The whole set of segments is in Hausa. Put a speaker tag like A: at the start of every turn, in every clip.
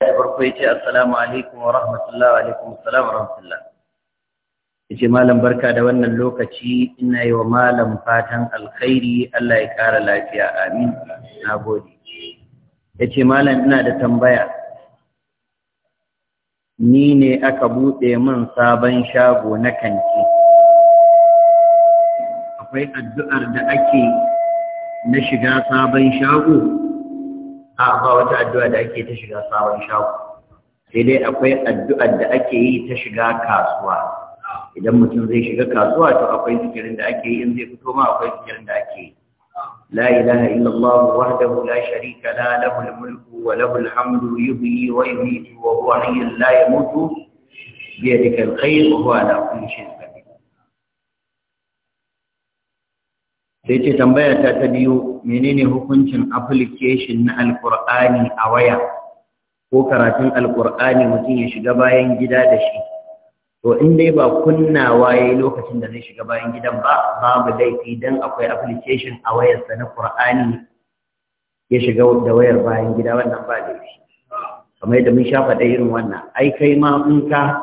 A: da ce assalamu alaikum wa wa alaikum wa ce malam barka da wannan lokaci ina yi wa malam fatan alkhairi Allah ya kara lafiya amin na gode ya ce malam ina da tambaya ni ne aka buɗe man sabon shago na kanti akwai addu'ar da ake na shiga sabon shago a ba wata addu’a da ake ta shiga sabon shago sai dai akwai addu’a da ake yi ta shiga kasuwa idan mutum zai shiga kasuwa to akwai fikirin da ake yi in zai fito ma akwai fikirin da ake yi la ilaha illallah wahdahu la sharika la lahu al-mulku wa lahu al-hamdu yuhyi wa wa huwa hayyul la yamutu bi yadika al-khayr wa sai ce tambaya ta ta biyu menene hukuncin application na alkur'ani a waya ko karatun alkur'ani mutum ya shiga bayan gida da shi to in dai ba kunnawa ya yi lokacin da zai shiga bayan gidan ba babu laifi don akwai application a wayarsa na qur'ani ya shiga da wayar bayan gida wannan ba laifi kamar yadda mun shafa da irin wannan ai kai ma in ka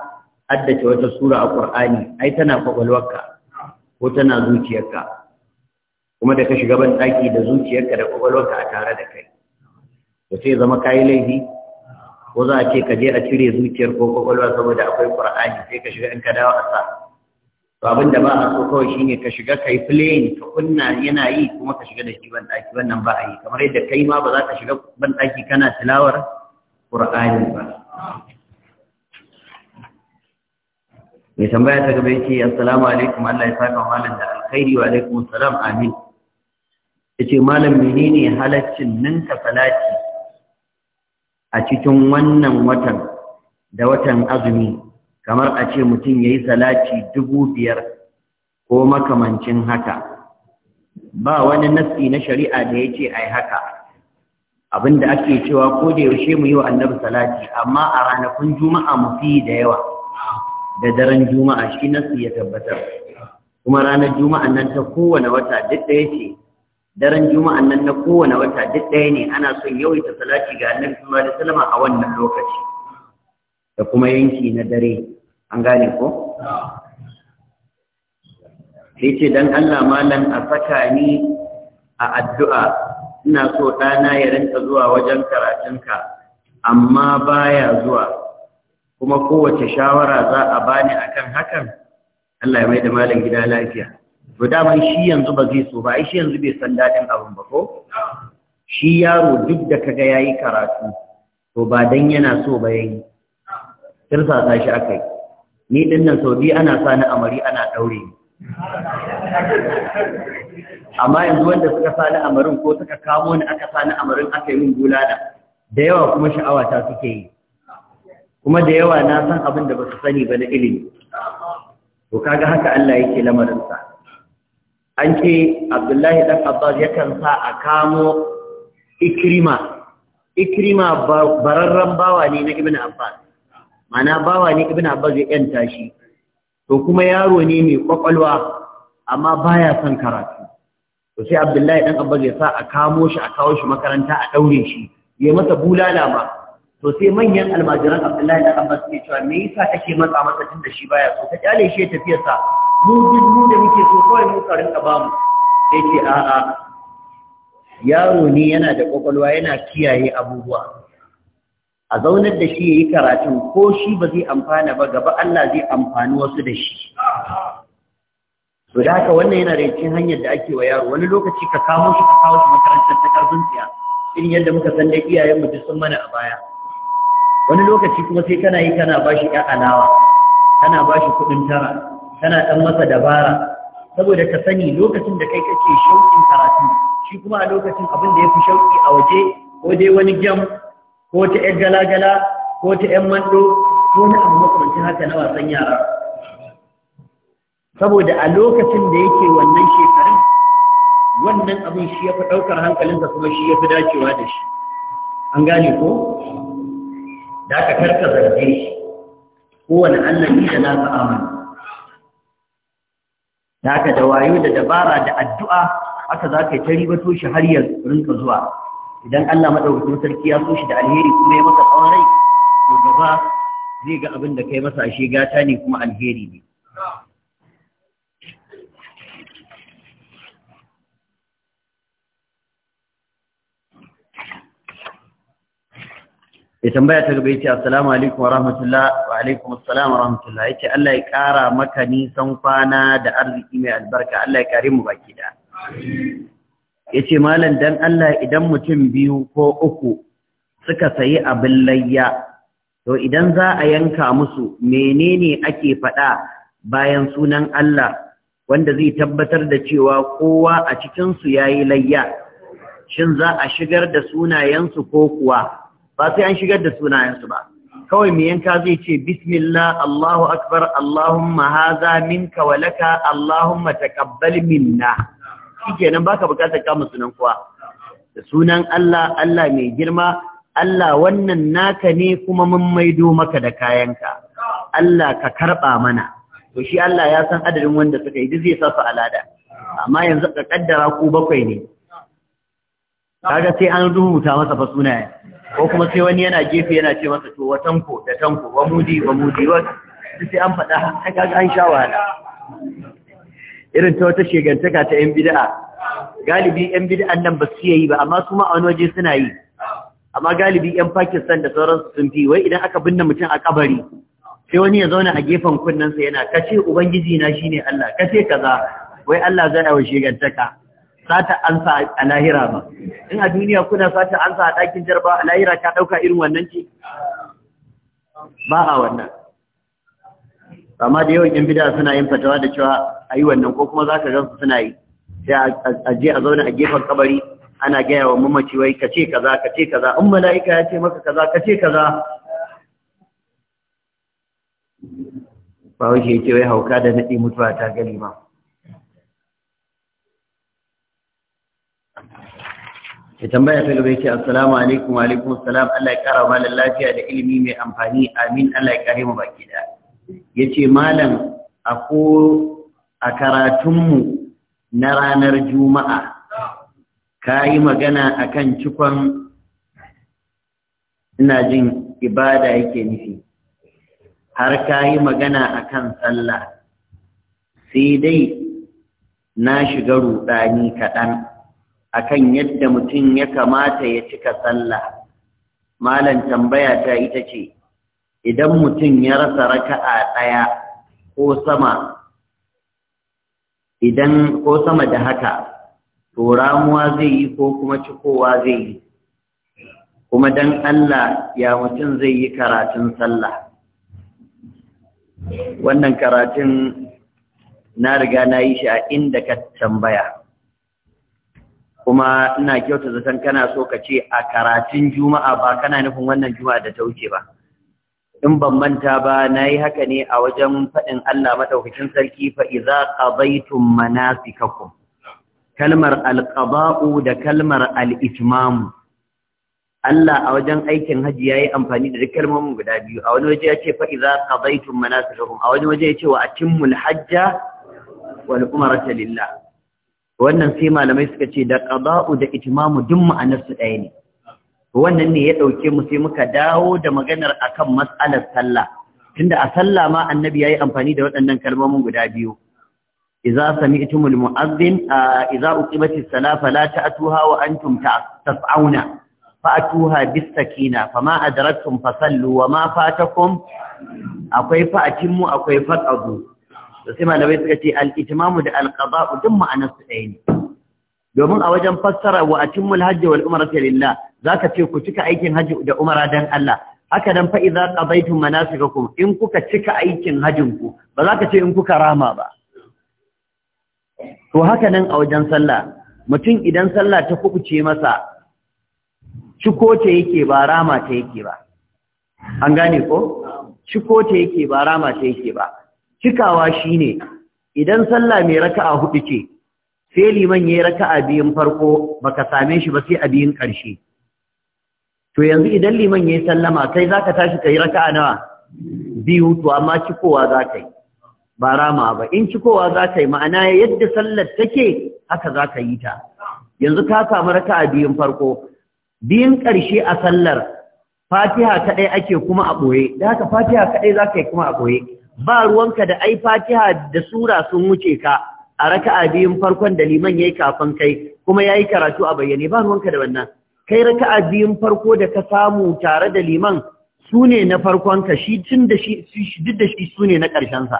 A: addace wata sura a qur'ani ai tana kwakwalwarka ko tana zuciyarka kuma da ka shiga ban ɗaki da zuciyarka da kwakwalwarka a tare da kai da sai zama kayi laifi ko za a ce ka je a cire zuciyar ko kwakwalwa saboda akwai qur'ani sai ka shiga in ka dawo a sa to abin da ba a so kawai shine ka shiga kai filayin ka kunna yana yi kuma ka shiga da shi ban ɗaki wannan ba a yi kamar yadda kai ma ba za ka shiga ban ɗaki kana tilawar qur'ani ba mai tambaya ta gaba yake assalamu alaikum Allah ya saka malam da alkhairi wa alaikum amin yace malam menene halaccin ninka salati a cikin wannan watan da watan azumi kamar a ce mutum yayi salati dubu biyar ko makamancin haka ba wani nasi na shari'a da yace ai haka abinda ake cewa ko da yaushe mu yi wa annabi salati amma a ranakun juma'a mu fi da yawa da daren juma'a shi nasi ya tabbatar kuma ranar juma'a nan ta kowane wata duk da yake daren juma'an nan na kowane wata duk ɗaya ne ana son yawaita salati ga annabi sallallahu alaihi wasallam a wannan lokaci da kuma yanki na dare an gane ko sai ce dan Allah malam a saka ni a addu'a ina so ɗana ya rinka zuwa wajen karatunka amma baya zuwa kuma kowace shawara za a bani akan hakan Allah ya mai da malam gida lafiya to daman shi yanzu ba zai so ba shi yanzu bai san daɗin abin ba ko shi yaro duk da kaga yayi karatu to ba dan yana so ba yayi tirsa ta shi akai ni din nan sau biyu ana sani amari ana daure amma yanzu wanda suka sani amarin ko suka kamo ni aka sani amarin aka yi min bulala da yawa kuma sha'awa ta suke yi kuma da yawa na san abin da ba su sani ba na ilimi to kaga haka Allah yake lamarinsa an ce abdullahi ɗan abbas yakan sa a kamo ikirima. Ikirima bararren bawa ne na ibn abbas mana bawa ne ibn abbas ya yanta shi to kuma yaro ne mai kwakwalwa amma baya son karatu to sai abdullahi ɗan abbas ya sa a kamo shi a kawo shi makaranta a ɗaure shi ya masa bulala ba. to sai manyan almajiran abdullahi dan abbas ke cewa me yasa kake matsa masa tun da shi baya so ka kyale shi ya tafiyarsa mu dubu da muke so kawai mu karin ka bamu sai ce a'a yaro ne yana da kwakwalwa yana kiyaye abubuwa a zaunar da shi yayi karatun ko shi ba zai amfana ba gaba Allah zai amfani wasu da shi Saboda haka wannan yana da cikin hanyar da ake wa yaro wani lokaci ka kawo shi ka kawo shi makarantar ta karfin tsiya irin yadda muka san da iyayen mu sun mana a baya wani lokaci kuma sai kana yi kana bashi ya alawa kana bashi kuɗin tara kana ɗan masa dabara saboda ka sani lokacin da kai kake shauƙin karatu shi kuma a lokacin abin da ya fi shauƙi a waje ko dai wani gem ko ta ‘yan galagala ko ta ‘yan mando ko na abu makamancin haka na wasan yara saboda a lokacin da yake wannan shekarun wannan abin shi ya fi ɗaukar hankalinsa kuma shi ya fi dacewa da shi an gane ko da aka karka zarge shi kowane allah ni da na amana. da da wayo da dabara da addu'a aka za ka yi ta ribato shi har ya rinka zuwa idan Allah madaukakin sarki ya so shi da alheri kuma ya masa tsawon rai to gaba zai ga abin da kai masa ashe gata ne kuma alheri ne ya tambaya ta gaba yace assalamu alaikum wa rahmatullah wa alaikum assalam wa rahmatullah yace Allah ya kara maka nisan kwana da arziki mai albarka Allah ya kare mu baki da yace malam dan Allah idan mutum biyu ko uku suka sayi abin layya to idan za a yanka musu menene ake faɗa bayan sunan Allah wanda zai tabbatar da cewa kowa a cikin su yayi layya shin za a shigar da sunayensu ko kuwa ba sai an shigar da sunayensu ba kawai mai yanka zai ce bismillah Allahu akbar Allahumma haza minka wa laka Allahumma taqabbal minna shikenan baka bukatar kama sunan kuwa da sunan Allah Allah mai girma Allah wannan naka ne kuma mun maido maka da kayanka Allah ka karba mana to shi Allah ya san adadin wanda suka yi zai sa su alada amma yanzu ka kaddara ku bakwai ne kaga sai an rubuta masa fa sunayen ko kuma sai wani yana gefe yana ce masa to wa tanko da tanko wa mudi wa mudi wa sai an faɗa ai kaga an sha wahala irin ta wata shegantaka ta yan bid'a galibi yan bid'an nan ba su yi ba amma su ma a wani waje suna yi amma galibi yan Pakistan da sauransu sun fi wai idan aka binne mutum a kabari sai wani ya zauna a gefen kunnensa yana kace ubangiji na shine Allah kace kaza wai Allah zai wa shegantaka sata ansa a lahira ba in a duniya kuna sata ansa a ɗakin jarba a lahira ta ɗauka irin wannan ce ba a wannan amma da yawan yan bida suna yin fatawa da cewa a yi wannan ko kuma za ka gansu suna yi sai a je a zauna a gefen kabari ana gaya wa mamaci wai ka ce kaza ka ce kaza in mala'ika ya ce maka kaza ka ce kaza ba wai ke wai hauka da naɗi mutuwa ta gani ma. ya tambaya ta gaba yake assalamu alaikum wa alaikum assalam Allah ya kara malam lafiya da ilimi mai amfani amin Allah ya kare mu baki da yace malam a ko a karatunmu na ranar juma'a ka magana akan cikon ina jin ibada yake nufi har ka magana akan sallah sai dai na shiga ruɗani kaɗan akan yadda mutum ya kamata ya cika sallah malam tambaya ta ita ce idan mutum ya rasa raka'a ɗaya ko sama idan ko sama da haka to ramuwa zai yi ko kuma cikowa zai yi kuma dan Allah ya mutum zai yi karatun sallah wannan karatun na riga na yi shi a inda ka tambaya kuma ina kyauta zaton kana so ka ce a karatun juma'a ba kana nufin wannan juma'a da ta wuce ba in ban manta ba na yi haka ne a wajen faɗin Allah maɗaukacin sarki fa iza qadaytum manasikakum kalmar alqaba'u da kalmar al-itmamu Allah a wajen aikin hajji yayi amfani da kalmomin guda biyu a wani waje ya ce fa iza qadaytum manasikakum a wani waje ya ce wa atimul hajja wal umrata lillah wannan sai malamai suka ce da qada'u da itimamu duk ma'anar su ɗaya ne wannan ne ya dauke mu sai muka dawo da maganar akan mas'alar sallah tunda a sallah ma annabi yayi amfani da waɗannan kalmomin guda biyu idza sami'tumul mu'adhdhin idza uqimatis salah fala ta'tuha wa antum tas'auna fa'atuha bis-sakina fama adraktum fasallu wa ma fatakum akwai mu akwai faqadu da sai malamai suka ce al itimamu da al-qada'u duk ma'anar su ɗaya ne domin a wajen fassara wa atimul hajji wal umrata lillah zaka ce ku cika aikin hajji da umara dan Allah haka dan fa idza qadaytum manasikakum in kuka cika aikin hajjin ku ba za ka ce in kuka rama ba to haka nan a wajen sallah mutum idan sallah ta kubuce masa ciko ta yake ba rama ta yake ba an gane ko ciko ta yake ba rama ta yake ba cikawa shi ne, idan sallah mai raka'a hudu ce sai liman ya yayi raka'a biyun farko baka same shi ba sai a biyun ƙarshe to yanzu idan liman ya yayi sallama kai ka tashi ka yi raka'a nawa biyu to amma cikowa za ka yi ba rama ba in cikowa za ka yi ma'ana yadda sallar take haka ka yi ta yanzu ka samu raka'a biyun farko biyun ƙarshe a sallar fatiha kaɗai ake kuma a ɓoye da haka fatiha kaɗai za ka yi kuma a ɓoye ba ruwanka da ai fatiha da sura sun wuce ka a raka'a biyun farkon da liman yayi kafin kai kuma yayi karatu a bayyane ba ruwanka da wannan kai raka'a biyun farko da ka samu tare da liman su na farkon ka shi tun da shi duk da shi su na ƙarshen sa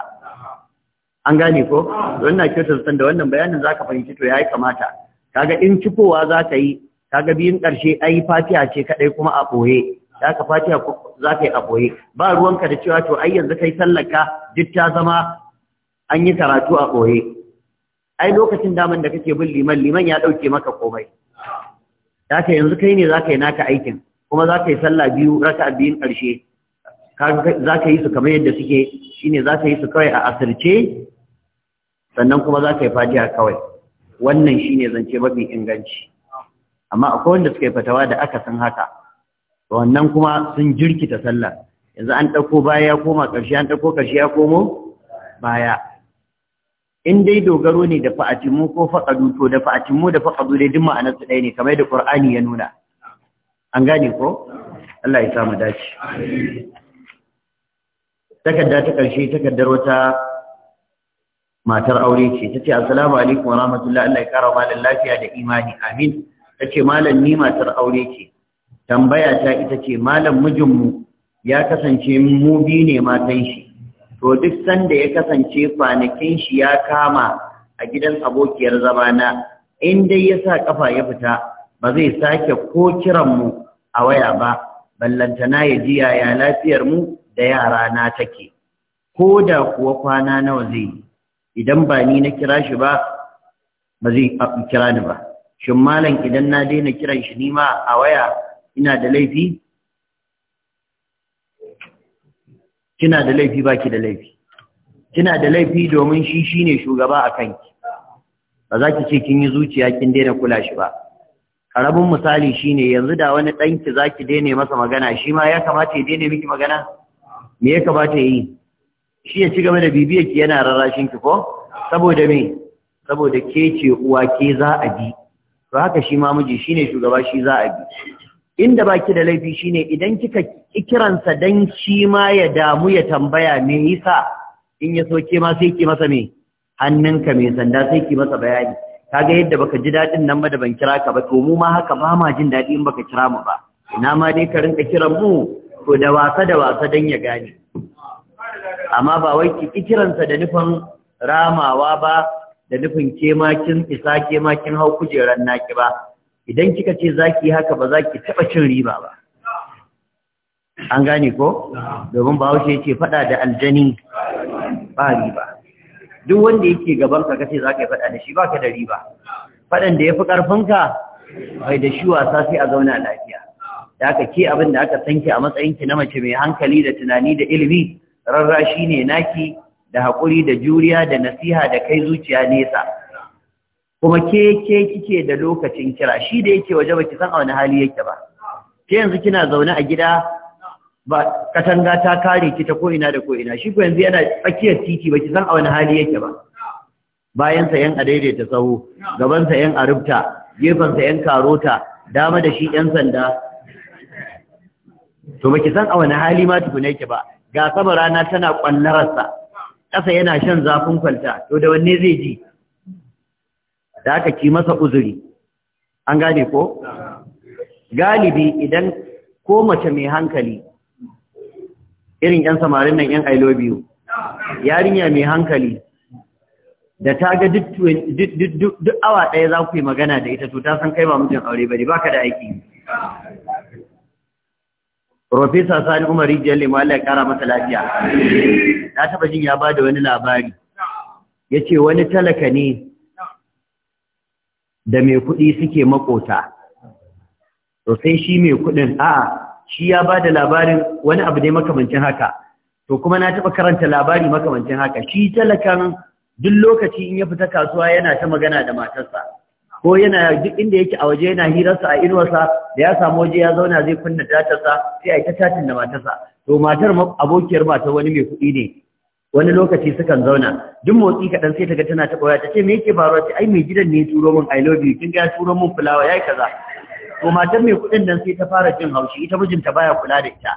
A: an gane ko wannan kyautar san da wannan bayanin zaka fahimci to yayi kamata kaga in cikowa zaka yi kaga biyun ƙarshe ai fatiha ce kadai kuma a boye da aka fatiha za ka yi a ɓoye ba ruwanka da cewa to ai yanzu kai sallaka duk ta zama an yi karatu a ɓoye ai lokacin daman da kake bin liman liman ya ɗauke maka komai da ka yanzu kai ne za ka yi naka aikin kuma za ka yi sallah biyu raka biyun ƙarshe za ka yi su kamar yadda suke shine za ka yi su kawai a asirce sannan kuma za ka yi fatiha kawai wannan shine zance mafi inganci amma akwai wanda suka yi fatawa da aka san haka wannan kuma sun jirkita sallah yanzu an ɗauko baya ya koma ƙarshe an ɗauko ƙarshe ya komo baya in dai dogaro ne da fa'atimu ko faƙadu to da fa'atimu da faƙadu dai duk ma'anar su ɗaya ne kamar da ƙur'ani ya nuna an gane ko Allah ya samu dace takarda ta ƙarshe takardar wata matar aure ce ta ce assalamu alaikum wa rahmatullahi Allah ya kara malam lafiya da imani amin ta ce malam ni matar aure ce tambaya ta ita ce malam mijinmu ya kasance mu biyu ne matan shi to duk sanda ya kasance kwanakin shi ya kama a gidan abokiyar zamana in dai ya sa kafa ya fita ba zai sake ko kiran mu a waya ba ballantana ya ji yaya lafiyar mu da yara na take ko da kuwa kwana nawa zai yi idan ba ni na kira shi ba ba zai kira ni ba shin malam idan na daina kiran shi nima a waya ina da laifi kina da laifi baki da laifi kina da laifi domin shi shine shugaba a kanki ba za ki ce kin yi zuciya kin daina kula shi ba karamin misali shine yanzu da wani danki zaki daina masa magana shi ma ya kamata ya daina miki magana me ya kamata yi shi ya ci gaba da bibiyar ki yana rarrashin ki ko saboda me saboda ke ce uwa ke za a bi to haka shi ma miji shine shugaba shi za a bi inda baki da laifi shine idan kika ikiransa dan shi ma ya damu ya tambaya me yasa in ya soke ma sai ki masa me hannunka mai sanda sai ki masa bayani kaga yadda baka ji daɗin nan ba da ban kira ka ba to mu ma haka ba ma jin daɗi in baka kira mu ba ina ma dai ka rinka kiran mu to da wasa da wasa dan ya gane amma ba wai ki ikiransa da nufin ramawa ba da nufin kemakin isa kemakin hau kujerar naki ba idan kika ce za ki haka ba za ki taɓa cin riba ba an gane ko domin ba haushe ce faɗa da aljani ba riba duk wanda yake gaban ka kace za ka yi faɗa da shi ba ka da riba faɗan da ya fi ƙarfinka bai da shi wasa sai a zauna lafiya da aka ke abin da aka sanke a matsayin ki na mace mai hankali da tunani da ilimi rarrashi ne naki da haƙuri da juriya da nasiha da kai zuciya nesa kuma ke ke kike da lokacin kira shi da yake waje baki san a wani hali yake ba ke yanzu kina zaune a gida ba katanga ta kare ki ta ko ina da ko ina shi ko yanzu yana tsakiyar titi baki san a wani hali yake ba bayan sa yan ta sahu gaban sa yan arubta gefen sa yan karota dama da shi yan sanda to baki san a wani hali ma tukuna ki ba ga sama rana tana sa Kasa yana shan zafin kwalta to da wanne zai ji da aka ki masa uzuri an gane ko galibi idan ko mace mai hankali irin yan samarin nan yan ailo biyu. yarinya mai hankali da ta ga duk awa ɗaya za ku yi magana da ita to ta san kai ba mutum aure ba baka da aiki Profesa Sani Umar Jalle Lema ya kara masa lafiya. Na taba jin ya bada wani labari. Ya ce wani talaka ne da mai kuɗi suke makota to sai shi mai kuɗin a shi ya ba da labarin wani abu ne makamancin haka to kuma na taɓa karanta labari makamancin haka shi talakan duk lokaci in ya fita kasuwa yana ta magana da matarsa ko yana duk inda yake a waje yana hirarsa a inuwarsa da ya samu waje ya zauna zai kunna datarsa sai a yi ta tatin da matarsa to matar abokiyar matar wani mai kuɗi ne wani lokaci sukan zauna duk motsi kaɗan sai ta ga tana taɓa ta ce me yake faruwa ce ai mai gidan ne turo min I love you kin ga turo min fulawa yayi kaza to matar mai kuɗin nan sai ta fara jin haushi ita mijinta baya kula da ita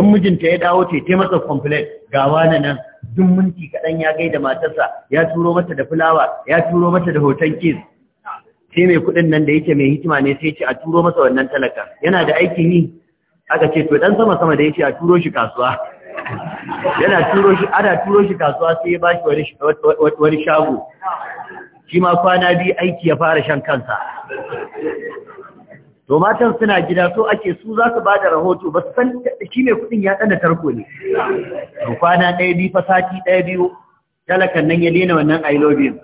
A: in mijinta ya dawo ce ta masa complain ga wani nan duk minti kaɗan ya gaida matarsa ya turo mata da fulawa ya turo mata da hoton kiss sai mai kuɗin nan da yake mai hikima ne sai ce a turo masa wannan talaka yana da aikin yi aka ce to dan sama sama da yake a turo shi kasuwa yana turo shi ana turo shi kasuwa sai ya bashi wani shago shi ma kwana biyu aiki ya fara shan kansa to matan suna gida so ake su za su da rahoto ba su san shi ne kudin ya tsanda tarko ne to kwana ɗaya biyu fa sati ɗaya biyu talakan nan ya daina wannan i love you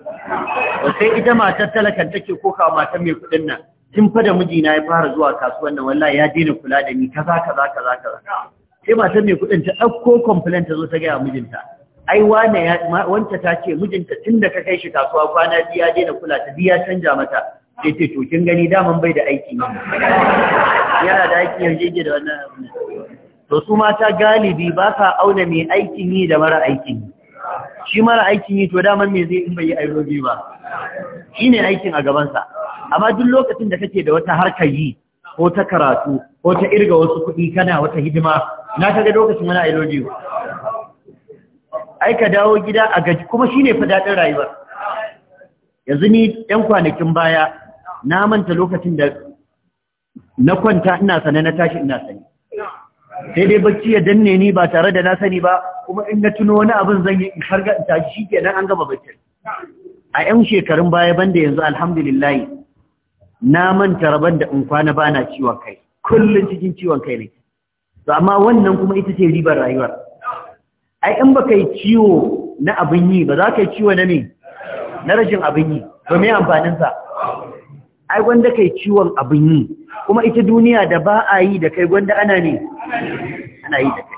A: sai ita matar talakan take koka matan mai kudin nan Kin fa da mijina ya fara zuwa kasuwar nan wallahi ya daina kula da ni kaza kaza kaza kaza sai ta mai kuɗin ta ɗauko complain ta zo ta gaya mijinta ai wane ya wanta ta ce mijinta tun da ka kai shi kasuwa kwana biya daina kula ta biya canja mata sai ce to kin gani daman bai da aiki ne yana da aiki yake da wannan to su mata galibi ba sa auna mai aikin yi da mara aikin yi shi mara aikin yi to daman me zai in bai yi airobi ba shi ne aikin a gaban sa. amma duk lokacin da kake da wata harkar yi ko ta karatu ko ta irga wasu kuɗi kana wata hidima na kaga lokacin wani ailoji ai ka dawo gida a gaji kuma shi ne daɗin rayuwar yanzu ni ɗan kwanakin baya na manta lokacin da na kwanta ina sane na tashi ina sane sai dai bacci ya danne ni ba tare da na sani ba kuma in na tuno wani abin zan yi in farga in tashi nan an gaba bacci a 'yan shekarun baya banda yanzu alhamdulillahi na manta rabon da in kwana ba na ciwon kai kullum cikin ciwon kai ne to amma wannan kuma ita ce ribar rayuwar ai in baka yi ciwo na abin yi ba za ka yi ciwo na me na rashin abin yi to me amfanin sa ai gwanda kai ciwon abin yi kuma ita duniya da ba a yi da kai gwanda ana ne ana yi da kai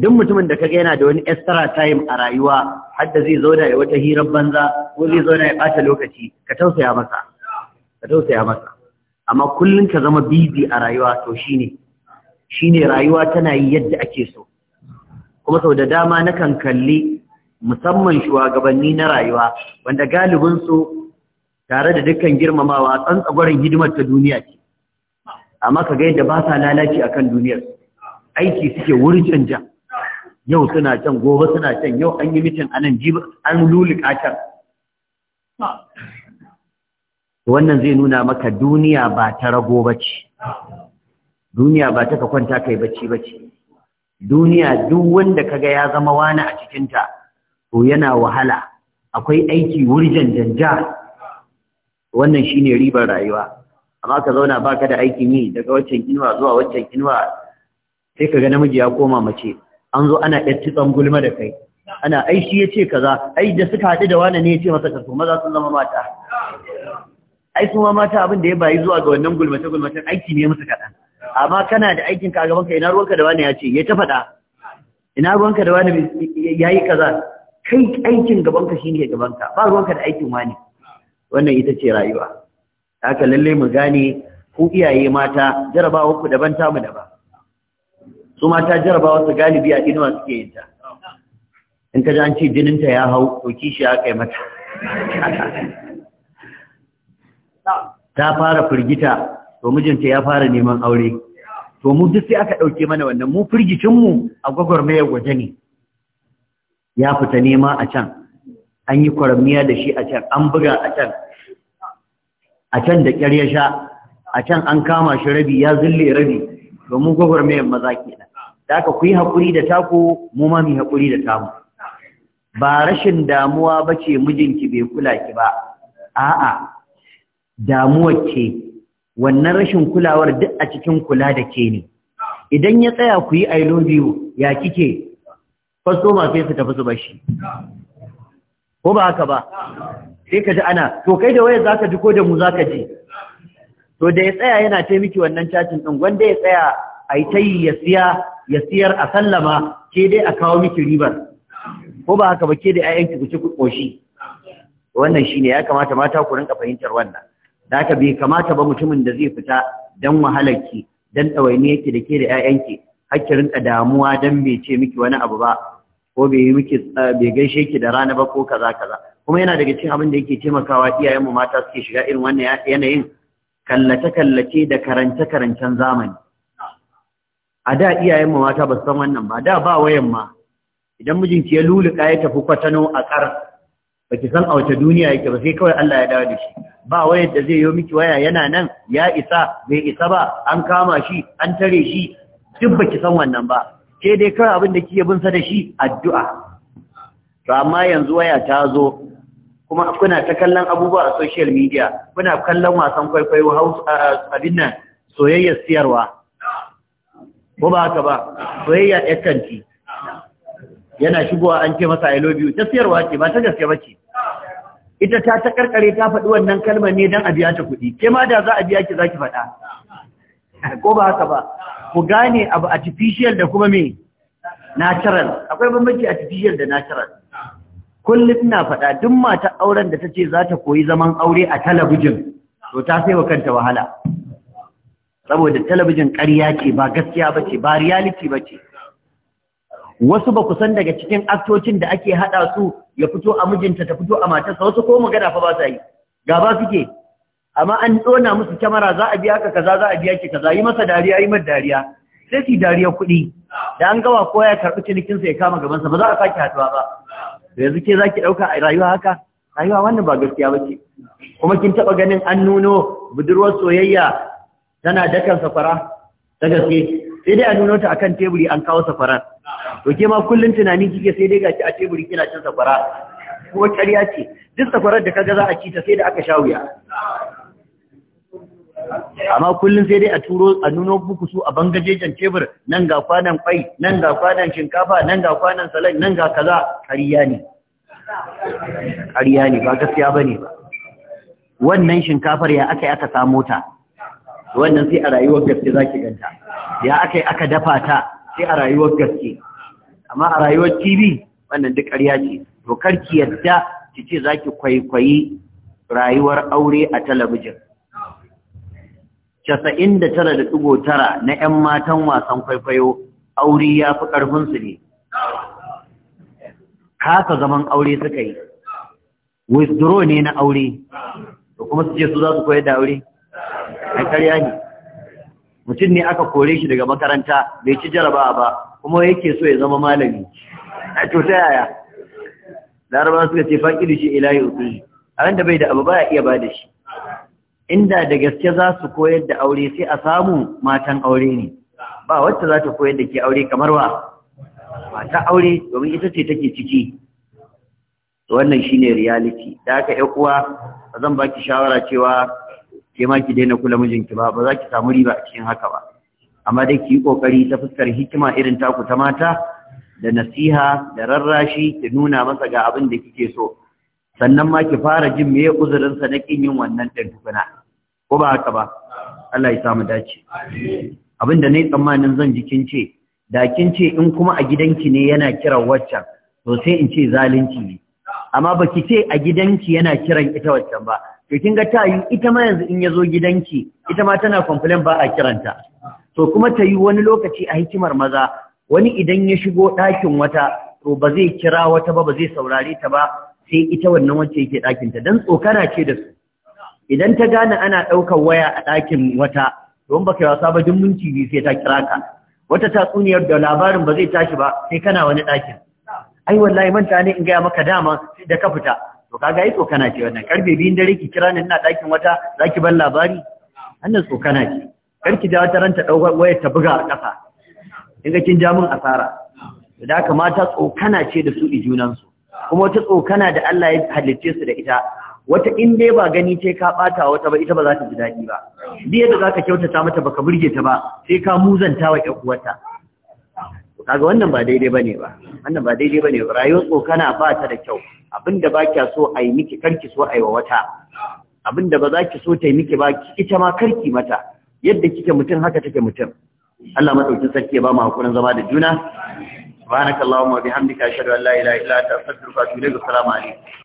A: duk mutumin da kaga yana da wani extra time a rayuwa har da zai zo da wata hirar banza ko zai zo ya bata lokaci ka tausaya masa ka tausaya masa amma kullun ka zama busy a rayuwa to shine shine rayuwa tana yi yadda ake so kuma sau da dama nakan kalli musamman shugabanni na rayuwa wanda galibin su tare da dukkan girmamawa tsantsagwarin hidimar ta duniya ce amma ka ga yadda ba sa lalaci akan duniyar aiki suke wurin canja yau suna can gobe suna can yau an yi mitin anan jibi an lulika can wannan zai nuna maka duniya ba ta rago bace duniya ba ta kwanta kai bacci bace duniya duk wanda kaga ya zama wani a cikinta to yana wahala akwai aiki wurjan janja wannan shine ribar rayuwa amma ka zauna baka da aikin yi daga waccan inuwa zuwa waccan inuwa sai kaga namiji ya koma mace an zo ana ɗan tsangulma gulma da kai ana aishi ya ce kaza ai da suka haɗu da wani ne ya ce masa kaso maza sun zama mata ai su ma mata abin da ya bayi zuwa ga wannan gulmace gulmacen aiki ne musu kaɗan amma kana da aikin ka gaban ka ina ruwanka da wani ya ce ya ta faɗa ina ruwanka da wani ya yi kaza kai aikin gaban ka shine gaban ka ba ruwanka da aikin wane wannan ita ce rayuwa haka lalle mu gane ku iyaye mata jarabawa ku daban tamu daban su mata jaraba wasu galibi a inuwa suke yin ta in ka ji an ce jininta ya hau to kishi ya kai mata ta fara firgita to mijinta ya fara neman aure to mu duk sai aka ɗauke mana wannan mu firgicinmu a gwagwarmayar waje ne ya fita nema a can an yi kwaramiya da shi a can an buga a can a can da ƙyar ya sha a can an kama shi rabi ya zille rabi domin gwagwarmayar maza kenan Zaka aka ku yi haƙuri da taku mu ma mu haƙuri da taku. ba rashin damuwa ba ce mijinki bai kula ki ba a'a damuwa ce wannan rashin kulawar duk a cikin kula da ke ne idan ya tsaya ku yi I love you ya kike fasto ma sai su tafi su bashi ko ba haka ba sai ka ji ana to kai da waya zaka ji ko da mu zaka ji to da ya tsaya yana taimaki wannan cacin ɗin, wanda ya tsaya a yi tayi ya siya ya siyar a sallama ke dai a kawo miki ribar ko ba haka ba ke da 'ya'yanki ku ci ku koshi wannan shine ya kamata mata ku rinka fahimtar wannan da ka bai kamata ba mutumin da zai fita dan wahalarki dan dawaini yake da ke da 'ya'yanki hakki rinka damuwa dan bai ce miki wani abu ba ko bai yi miki bai gaishe ki da rana ba ko kaza kaza kuma yana daga cikin abin da yake taimakawa iyayen mu mata suke shiga irin wannan yanayin kallace kallace da karance karancen zamani a da iyayen mu mata ba san wannan ba da ba wayan ma idan mijinki ya luluka ya tafi kwatano a kar ki san a wace duniya yake ba sai kawai Allah ya dawo da shi ba wayar da zai yi miki waya yana nan ya isa bai isa ba an kama shi an tare shi duk baki san wannan ba Ke dai kawai abin da kike bin sa da shi addu'a to amma yanzu waya ta zo kuma kuna ta kallon abubuwa a social media kuna kallon wasan kwaikwayo house abin nan soyayyar siyarwa ko ba haka ba soyayya yakanci yana shigowa an ce masa I love you ta siyarwa ce ba ta gaske ba ce ita ta ta karkare ta faɗi wannan kalmar ne don a biya ta kuɗi ke ma da za a biya ki za ki faɗa ko ba haka ba ku gane abu artificial da kuma me natural akwai bambanci artificial da natural kullum na faɗa duk mata auren da ta ce za ta koyi zaman aure a talabijin to ta sai wa kanta wahala saboda talabijin ƙarya ce ba gaskiya ba ce ba reality ba ce wasu ba kusan daga cikin aktocin da ake haɗa su ya fito a mijinta ta fito a matarsa wasu ko magana fa ba su yi gaba suke amma an tsona musu kyamara za a biya ka kaza za a biya ki kaza yi masa dariya yi masa dariya sai su dariya kuɗi da an gawa ko ya karɓi cinikinsa ya kama gabansa ba za a sake haɗuwa ba da yanzu ke za ki ɗauka a rayuwa haka rayuwa wannan ba gaskiya ba ce kuma kin taɓa ganin an nuno budurwar soyayya tana dakan sakwara ta gaske sai dai a nuno ta akan teburi an kawo sakwara to ke ma kullun tunani kike sai dai gaci a teburi kina cin sakwara ko kariya ce duk sakwarar da kaga za a ci ta sai da aka sha wuya amma kullun sai dai a turo a nuno buku su a bangajejen tebur nan ga kwanan kwai nan ga kwanan shinkafa nan ga kwanan salad nan ga kaza kariya ne kariya ne ba gaskiya bane ba wannan shinkafar ya aka aka samu ta wannan sai a rayuwar gaske za ki ganta ya aka yi aka dafa ta sai a rayuwar gaske amma a rayuwar tv wannan duk ƙarya ce to karki yadda ki ce za ki kwaikwayi rayuwar aure a talabijin casa'in da tara da ɗigo tara na 'yan matan wasan kwaikwayo aure ya fi ƙarfinsu ne kasa zaman aure suka yi withdraw ne na aure To kuma su ce su za su koyar da aure a karya ne mutum ne aka kore shi daga makaranta bai ci jarabawa ba kuma yake so ya zama malami a to yaya. yaya larabawa suka ce faƙi shi ilahi usuli a da bai da abu ba ya iya ba da shi inda da gaske za su koyar da aure sai a samu matan aure ne ba wacce za ta koyar da ke aure kamar wa mata aure domin ita ce take ciki wannan shine reality da aka yi kuwa zan baki shawara cewa ke ma ki daina kula mijinki ba ba za ki samu riba a cikin haka ba amma dai ki yi kokari ta fuskar hikima irin taku ta mata da nasiha da rarrashi ki nuna masa ga abin da kike so sannan ma ki fara jin meye uzurin sa na kin yin wannan din tukuna ko ba haka ba Allah ya samu dace abin da nayi tsammanin zan ji kin ce da kin ce in kuma a gidanki ne yana kiran waccan to sai in ce zalunci ne amma baki ce a gidanki yana kiran ita waccan ba to kin ga ta yi ita ma yanzu in ya zo gidanki ita ma tana complain ba a kiranta to kuma ta yi wani lokaci a hikimar maza wani idan ya shigo ɗakin wata to ba zai kira wata ba ba zai saurare ta ba sai ita wannan wacce yake ɗakinta don tsokana ce da su idan ta gane ana ɗaukar waya a ɗakin wata in baka yi wasa ba duk minti biyu sai ta kira ka wata tatsuniyar da labarin ba zai tashi ba sai kana wani ɗakin ai wallahi manta ne in gaya maka dama da ka fita to kaga ai tsokana ce wannan karfe biyun dare ki kira ni ina ɗakin wata za ki ban labari wannan tsokana ce kar ki ja wata ranta ɗau wayar ta buga a ƙasa in ga kin ja min asara da haka mata tsokana ce da su junansu kuma wata tsokana da Allah ya halicce su da ita wata in dai ba gani ce ka bata wata ba ita ba za ta ji daɗi ba da za ka kyautata mata ba ka burge ta ba sai ka muzanta wa ƴan uwarta kaga wannan ba daidai bane ba wannan ba daidai bane rayuwar tsokana ba ta da kyau abinda ba kya so a yi miki karki so a yi wa wata abinda ba za ki so ta yi miki ba ita ma karki mata yadda kike mutum haka take mutum Allah madaukin sarki ya ba mu hakurin zama da juna subhanakallahumma wa bihamdika ashhadu an la ilaha illa anta astaghfiruka wa atubu ilayk assalamu alaikum